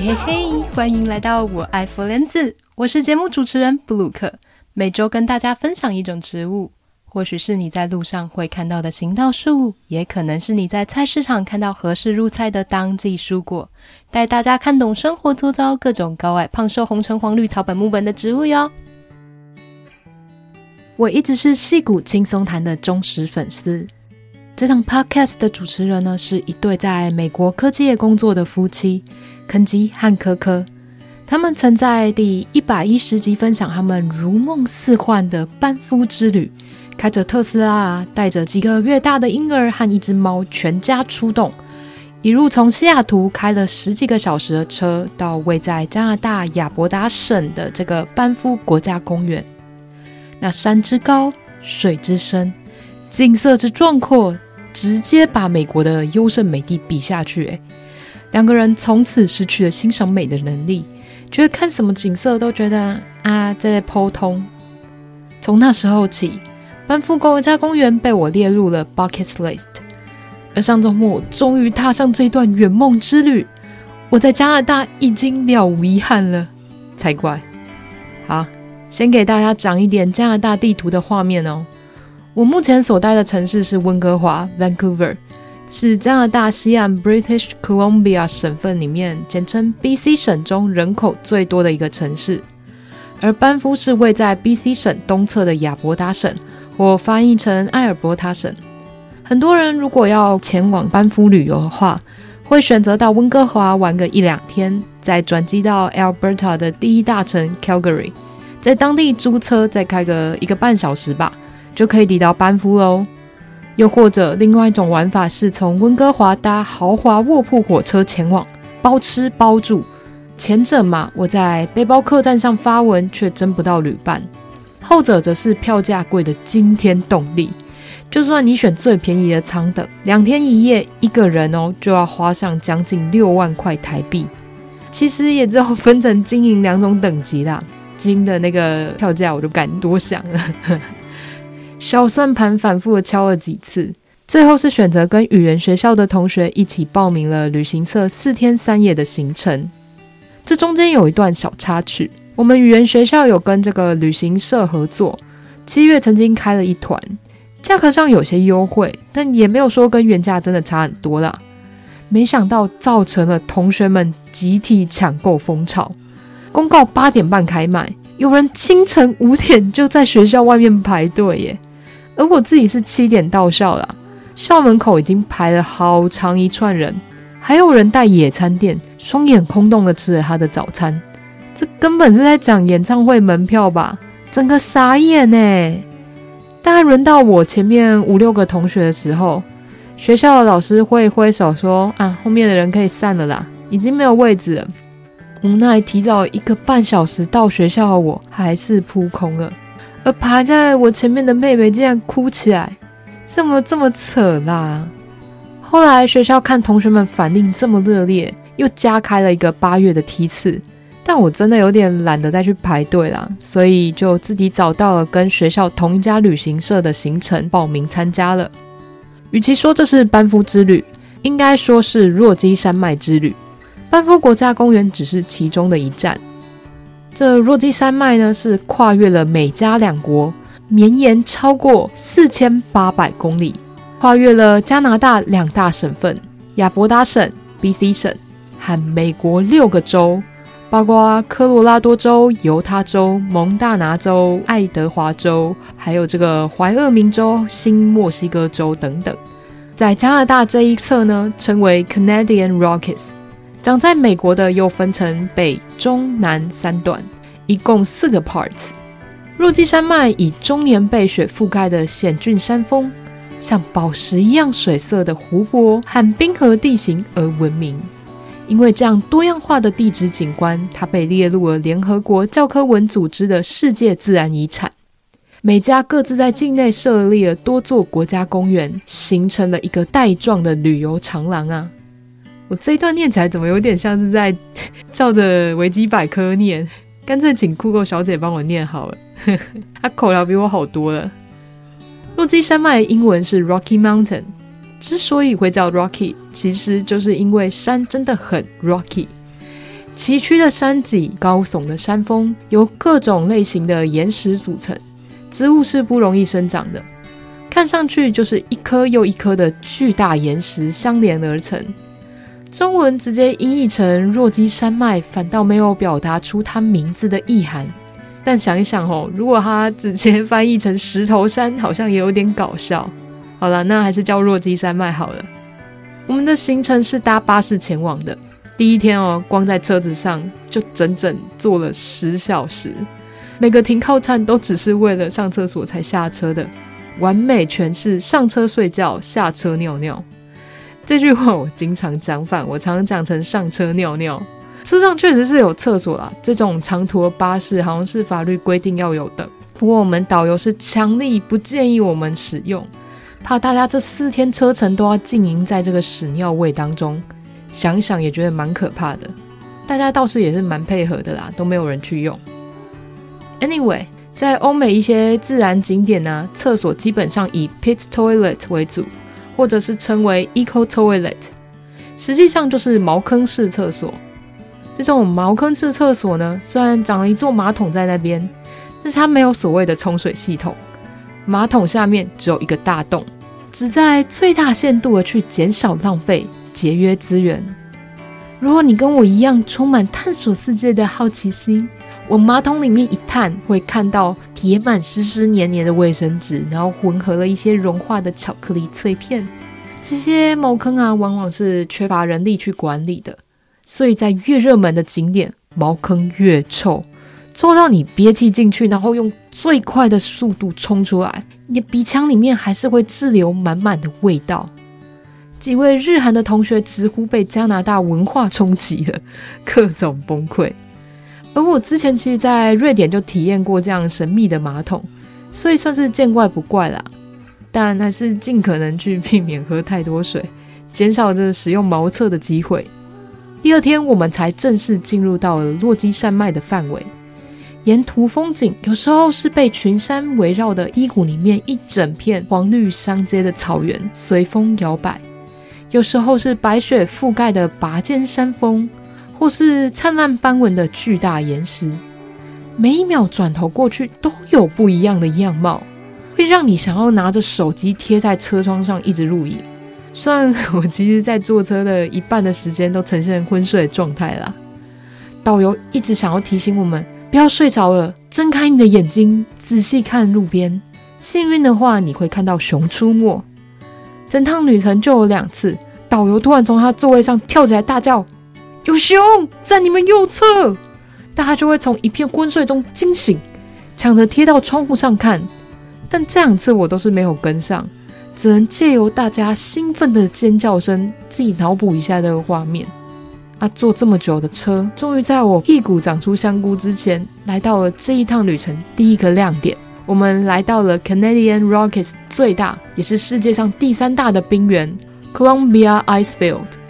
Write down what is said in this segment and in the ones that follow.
嘿嘿，hey, hey, hey, 歡迎來到我愛 my friends，我是節目主持人布魯克，每周跟大家分享一種植物，或許是你在路上會看到的行道樹，也可能是你在菜市場看到合適入菜的當季蔬果，帶大家看懂生活周遭各種高矮胖瘦紅橙黃綠草本木本的植物喲。我一直是矽谷輕鬆談的忠實粉絲，這檔 Podcast 的主持人呢是一對在美國科技業工作的夫妻。肯基和科科，他們曾在第一百一十集分享他們如夢似幻的班夫之旅，開着特斯拉，帶着幾個月大的嬰兒和一隻貓，全家出動，一路從西雅圖開了十幾個小時的車，到位在加拿大亞伯達省的這個班夫國家公園。那山之高，水之深，景色之壯闊，直接把美國的優勝美地比下去誒。兩個人從此失去了欣賞美的能力，覺得看什麼景色都覺得啊，這在破通。從那時候起，班夫國家公園被我列入了 bucket list，而上週末終於踏上這段圓夢之旅。我在加拿大已經了無遺憾了，才怪！好，先給大家講一點加拿大地圖的畫面哦。我目前所待的城市是溫哥華 （Vancouver）。是加拿大西岸 British Columbia 省份裡面，簡稱 BC 省中人口最多的一個城市。而班夫是位在 BC 省東側的亞伯達省，或翻譯成艾爾伯塔省。很多人如果要前往班夫旅遊的話，會選擇到溫哥華玩個一兩天，再轉機到 Alberta 的第一大城 Calgary，在當地租車再開個一個半小時吧，就可以抵達班夫嘍。又或者，另外一種玩法是從溫哥華搭豪華臥鋪火車前往，包吃包住。前者嘛，我在背包客棧上發文，卻爭不到旅伴；後者則是票價貴得驚天動地。就算你選最便宜的艙等，兩天一夜一個人哦，就要花上將近六萬塊台幣。其實也只有分成金銀兩種等級啦，金的那個票價我就不敢多想了。小算盤反覆地敲了幾次，最後是選擇跟語言學校的同學一起報名了旅行社四天三夜的行程。這中間有一段小插曲，我們語言學校有跟這個旅行社合作，七月曾經開了一團，價格上有些優惠，但也沒有說跟原價真的差很多啦。沒想到造成了同學們集體搶購風潮，公告八點半開賣，有人清晨五點就在學校外面排隊耶。而我自己是七點到校啦，校門口已經排了好長一串人，還有人帶野餐墊，雙眼空洞的吃着他的早餐，這根本是在講演唱會門票吧？整個傻眼呢！大概輪到我前面五六個同學的時候，學校的老師會揮手說：“啊，後面的人可以散了啦，已經沒有位置了。”無奈提早一個半小時到學校的我，還是撲空了。而爬在我前面的妹妹竟然哭起來，怎麼這麼扯啦？後來學校看同學們反應這麼熱烈，又加開了一個八月的梯次，但我真的有點懶得再去排隊啦，所以就自己找到了跟學校同一家旅行社的行程報名參加了。與其說這是班夫之旅，應該說是洛磯山脈之旅，班夫國家公園只是其中的一站。這洛磯山脈呢，是跨越了美加兩國，綿延超過四千八百公里，跨越了加拿大兩大省份——亞伯達省、BC 省和美國六個州，包括科羅拉多州、猶他州、蒙大拿州、愛德華州，還有這個懷俄明州、新墨西哥州等等。在加拿大這一側呢，稱為 Canadian Rockies。長在美國的又分成北、中、南三段，一共四個 parts。洛磯山脈以終年被雪覆蓋的險峻山峰、像寶石一樣水色的湖泊和冰河地形而聞名。因為這樣多樣化的地質景觀，它被列入了聯合國教科文組織的世界自然遺產。每家各自在境內設立了多座國家公園，形成了一個帶狀的旅遊長廊啊。我這一段念起來怎麼有點像是在照着維基百科念？乾脆請酷狗小姐幫我念好了， 她口條比我好多了。洛磯山脈的英文是 Rocky Mountain，之所以會叫 Rocky，其實就是因為山真的很 Rocky。崎嶇的山脊、高聳的山峰，由各種類型的岩石組成，植物是不容易生長的，看上去就是一顆又一顆的巨大岩石相連而成。中文直接音譯成洛磯山脈，反倒沒有表達出它名字的意涵。但想一想哦，如果它直接翻譯成石頭山，好像也有點搞笑。好了，那還是叫洛磯山脈好了。我們的行程是搭巴士前往的，第一天哦，光在車子上就整整坐了十小時，每個停靠站都只是為了上廁所才下車的，完美詮釋上車睡覺，下車尿尿。這句話我經常講反，我常常講成上車尿尿。車上確實是有廁所啦，這種長途的巴士好像是法律規定要有的。不過我們導遊是強力不建議我們使用，怕大家這四天車程都要浸淫在這個屎尿味當中，想想也覺得蠻可怕的。大家倒是也是蠻配合的啦，都沒有人去用。Anyway，在歐美一些自然景點呢，啊，廁所基本上以 pit toilet 為主。或者是稱為 Eco Toilet，實際上就是茅坑式廁所。這種茅坑式廁所呢，雖然長了一座馬桶在那邊，但是它沒有所謂的沖水系統，馬桶下面只有一個大洞，旨在最大限度的去減少浪費，節約資源。如果你跟我一樣充滿探索世界的好奇心，往馬桶裡面一探，會看到疊滿濕濕黏黏的衛生紙，然後混合了一些融化的巧克力脆片。這些茅坑啊，往往是缺乏人力去管理的，所以在越熱門的景點，茅坑越臭，臭到你憋氣進去，然後用最快的速度衝出來，你鼻腔裡面還是會滯留滿滿的味道。幾位日韓的同學直呼被加拿大文化衝擊了，各種崩潰。而我之前其實，在瑞典就體驗過這樣神秘的馬桶，所以算是見怪不怪啦，但還是盡可能去避免喝太多水，減少着使用茅廁的機會。第二天，我們才正式進入到了洛基山脈的範圍。沿途風景，有時候是被群山圍繞的低谷裡面一整片黃綠相接的草原隨風搖擺，有時候是白雪覆蓋的拔尖山峰。或是燦爛斑紋的巨大的岩石，每一秒轉頭過去都有不一樣的樣貌，會讓你想要拿着手機貼在車窗上一直錄影。雖然我其實，在坐車的一半的時間都呈現昏睡的狀態啦。導遊一直想要提醒我們不要睡着了，睜開你的眼睛，仔細看路邊。幸運的話，你會看到熊出沒。整趟旅程就有兩次，導遊突然從他座位上跳起來大叫。有熊在你們右側，大家就會從一片昏睡中驚醒，搶着貼到窗戶上看。但這兩次我都是沒有跟上，只能借由大家興奮的尖叫聲，自己腦補一下這個畫面。啊，坐這麼久的車，終於在我屁股長出香菇之前，來到了這一趟旅程第一個亮點。我們來到了 Canadian Rockies 最大，也是世界上第三大的冰原，Columbia Icefield。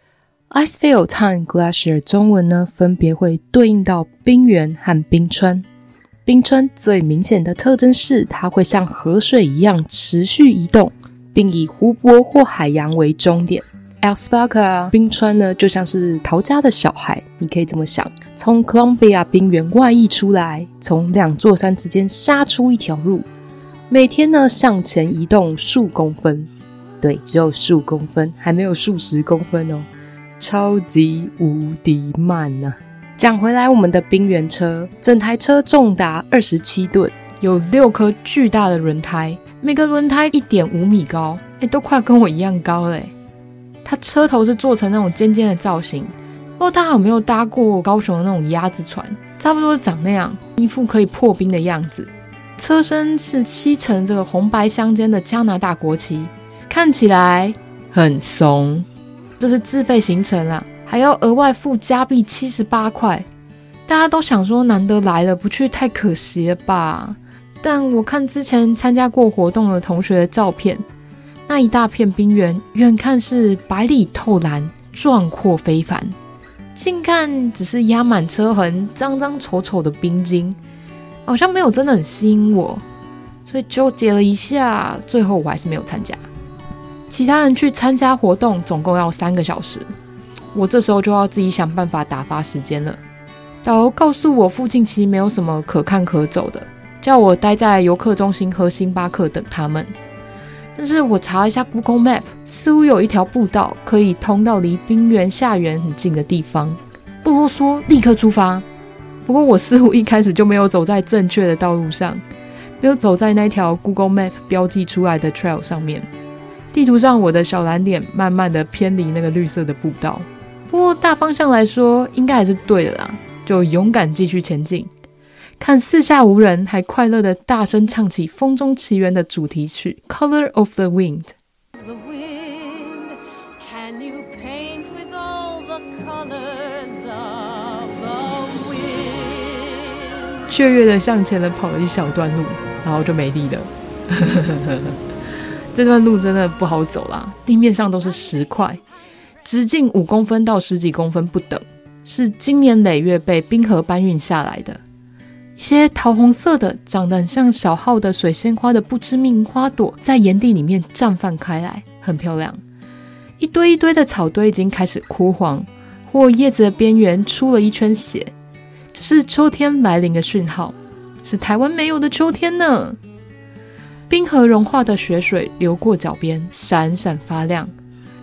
Icefield 和 glacier 中文呢，分別會對應到冰原和冰川。冰川最明顯的特徵是，它會像河水一樣持續移動，並以湖泊或海洋為終點。Athabasca 冰川呢，就像是逃家的小孩，你可以這麼想：從 Columbia 冰原外溢出來，從兩座山之間殺出一條路，每天呢向前移動數公分。對，只有數公分，還沒有數十公分哦。超級無敵慢吶啊！講回來，我們的冰原車整台車重達二十七噸，有六顆巨大的輪胎，每個輪胎一點五米高，哎，都快跟我一樣高嘞！它車頭是做成那種尖尖的造型，不過，它好像沒有搭過高雄的那種鴨子船，差不多長那樣，一副可以破冰的樣子。車身是漆成這個紅白相間的加拿大國旗，看起來很慫。這是自費行程啊，還要額外付加幣七十八塊。大家都想說難得來了，不去太可惜了吧？但我看之前參加過活動的同學的照片，那一大片冰原，遠看是白裡透藍，壯闊非凡；近看只是壓滿車痕、髒髒醜醜的冰晶，好像沒有真的很吸引我，所以糾結了一下，最後我還是沒有參加。其他人去參加活動，總共要三個小時。我這時候就要自己想辦法打發時間了。導遊告訴我，附近其實沒有什麼可看可走的，叫我待在遊客中心喝星巴克等他們。但是我查了一下 Google Map，似乎有一條步道可以通到離冰原下緣很近的地方。不囉嗦，立刻出發。不過我似乎一開始就沒有走在正確的道路上，沒有走在那條 Google Map 標記出來的 trail 上面。地圖上我的小藍點慢慢的偏離那個綠色的步道，不過大方向來說應該還是對的啦，就勇敢繼續前進，看四下無人，還快樂的大聲唱起風中奇緣的主題曲 Color of the Wind the wind can you paint with all the colors of the wind 雀躍的向前了跑了一小段路，然後就沒力了 這段路真的不好走啦，地面上都是石塊，直徑五公分到十幾公分不等，是經年累月被冰河搬運下來的。一些桃紅色的、長得很像小號的水仙花的不知名花朵，在岩地裡面綻放開來，很漂亮。一堆一堆的草堆已經開始枯黃，或葉子的邊緣出了一圈血，這是秋天來臨的訊號，是台灣沒有的秋天呢。冰河融化的雪水流過腳邊，閃閃發亮。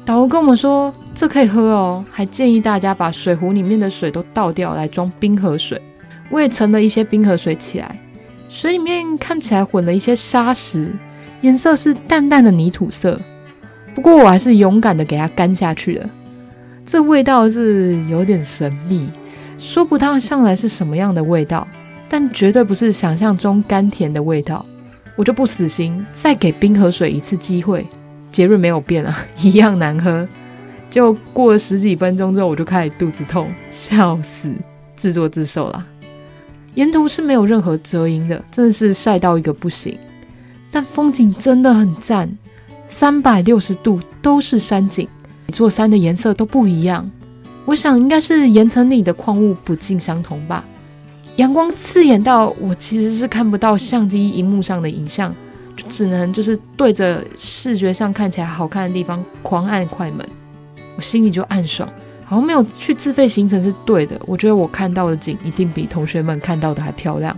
導遊跟我們說，這可以喝哦，還建議大家把水壺裡面的水都倒掉，來裝冰河水。我也盛了一些冰河水起來，水裡面看起來混了一些沙石，顏色是淡淡的泥土色。不過我還是勇敢的給它乾下去了。這味道是有點神秘，說不上來是什麼樣的味道，但絕對不是想象中甘甜的味道。我就不死心，再給冰河水一次機會。結論，沒有變啊，一樣難喝。就過了十幾分鐘之後，我就開始肚子痛，笑死，自作自受啦。沿途是沒有任何遮陰的，真的是曬到一個不行。但風景真的很讚，三百六十度都是山景，每座山的顏色都不一樣。我想應該是岩層裡的礦物不盡相同吧。陽光刺眼到我其實是看不到相機熒幕上的影像，就只能就是對着視覺上看起來好看的地方狂按快門，我心裡就暗爽，好像沒有去自費行程是對的。我覺得我看到的景一定比同學們看到的還漂亮。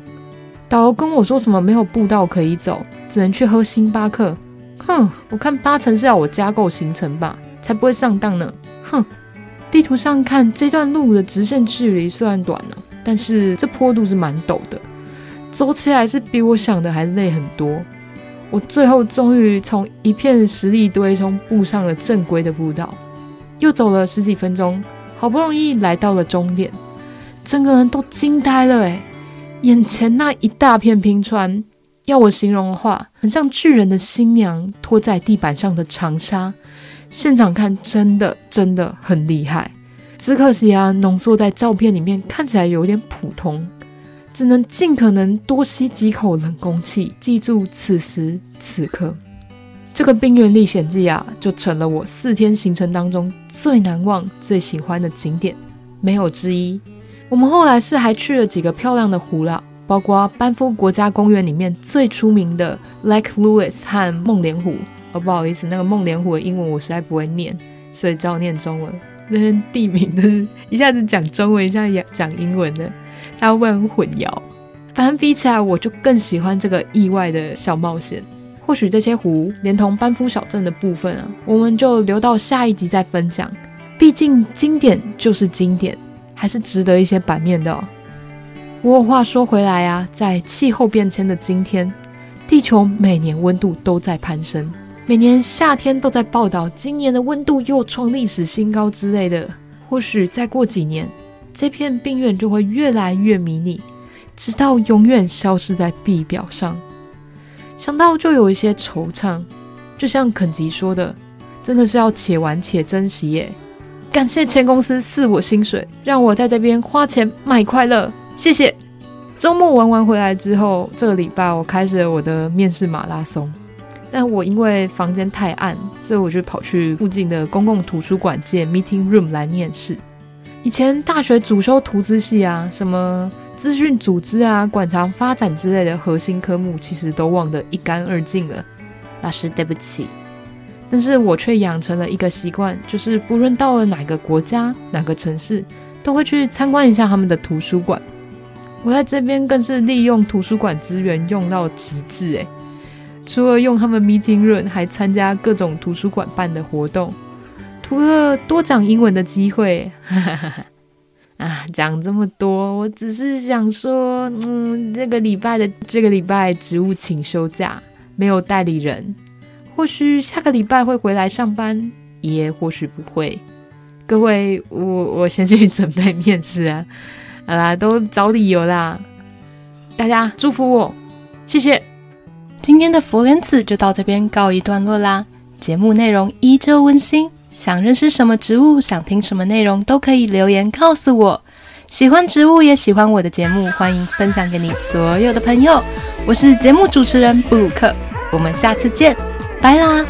導遊跟我說什麼沒有步道可以走，只能去喝星巴克。哼，我看八成是要我加購行程吧，才不會上當呢。哼，地圖上看這段路的直線距離算短了。但是這坡度是蠻陡的，走起來是比我想的還累很多。我最後終於從一片石礫堆中步上了正規的步道，又走了十幾分鐘，好不容易來到了終點，整個人都驚呆了哎、欸！眼前那一大片冰川，要我形容的話，很像巨人的新娘拖在地板上的長紗，現場看真的真的很厲害。只可惜啊，濃縮在照片裡面，看起來有點普通。只能盡可能多吸幾口冷空氣，記住此時此刻。這個冰原歷險記啊，就成了我四天行程當中最難忘、最喜歡的景點，沒有之一。我們後來是還去了幾個漂亮的湖啦，包括班夫國家公園裡面最出名的 Lake Louise 和夢蓮湖。哦，不好意思，那個夢蓮湖的英文我實在不會念，所以只好念中文。那些地名都是一下子講中文，一下講英文的，大家會很混淆。反正比起來，我就更喜歡這個意外的小冒險。或許這些湖連同班夫小鎮的部分啊，我們就留到下一集再分享。畢竟經典就是經典，還是值得一些版面的哦。不過話說回來啊，在氣候變遷的今天，地球每年溫度都在攀升。每年夏天都在報道，今年的溫度又創歷史新高之類的。或許再過幾年，這片冰原就會越來越迷你，直到永遠消失在地表上。想到就有一些惆悵，就像肯吉說的，真的是要且玩且珍惜耶。感謝前公司賜我薪水，讓我在這邊花錢買快樂。謝謝。周末玩完回來之後，這個禮拜我開始了我的面試馬拉松。但我因為房間太暗，所以我就跑去附近的公共圖書館借 meeting room 來面試。以前大學主修圖資系啊，什麼資訊組織啊、館藏發展之類的核心科目，其實都忘得一乾二淨了。老師，對不起。但是我卻養成了一個習慣，就是不論到了哪個國家、哪個城市，都會去參觀一下他們的圖書館。我在這邊更是利用圖書館資源用到極致誒，除了用他們 meeting room，還參加各種圖書館辦的活動，除了多講英文的機會哈哈哈哈。 啊！講這麼多，我只是想說，嗯，這個禮拜的這個禮拜職務請休假，沒有代理人，或許下個禮拜會回來上班，也或許不會。各位，我我先去準備面試啊！好啦，都找理由啦，大家祝福我，謝謝。今天的佛蓮子就到這邊告一段落啦，節目內容依舊溫馨。想認識什麼植物，想聽什麼內容，都可以留言告訴我。喜歡植物也喜歡我的節目，歡迎分享給你所有的朋友。我是節目主持人布魯克，我們下次見，拜啦。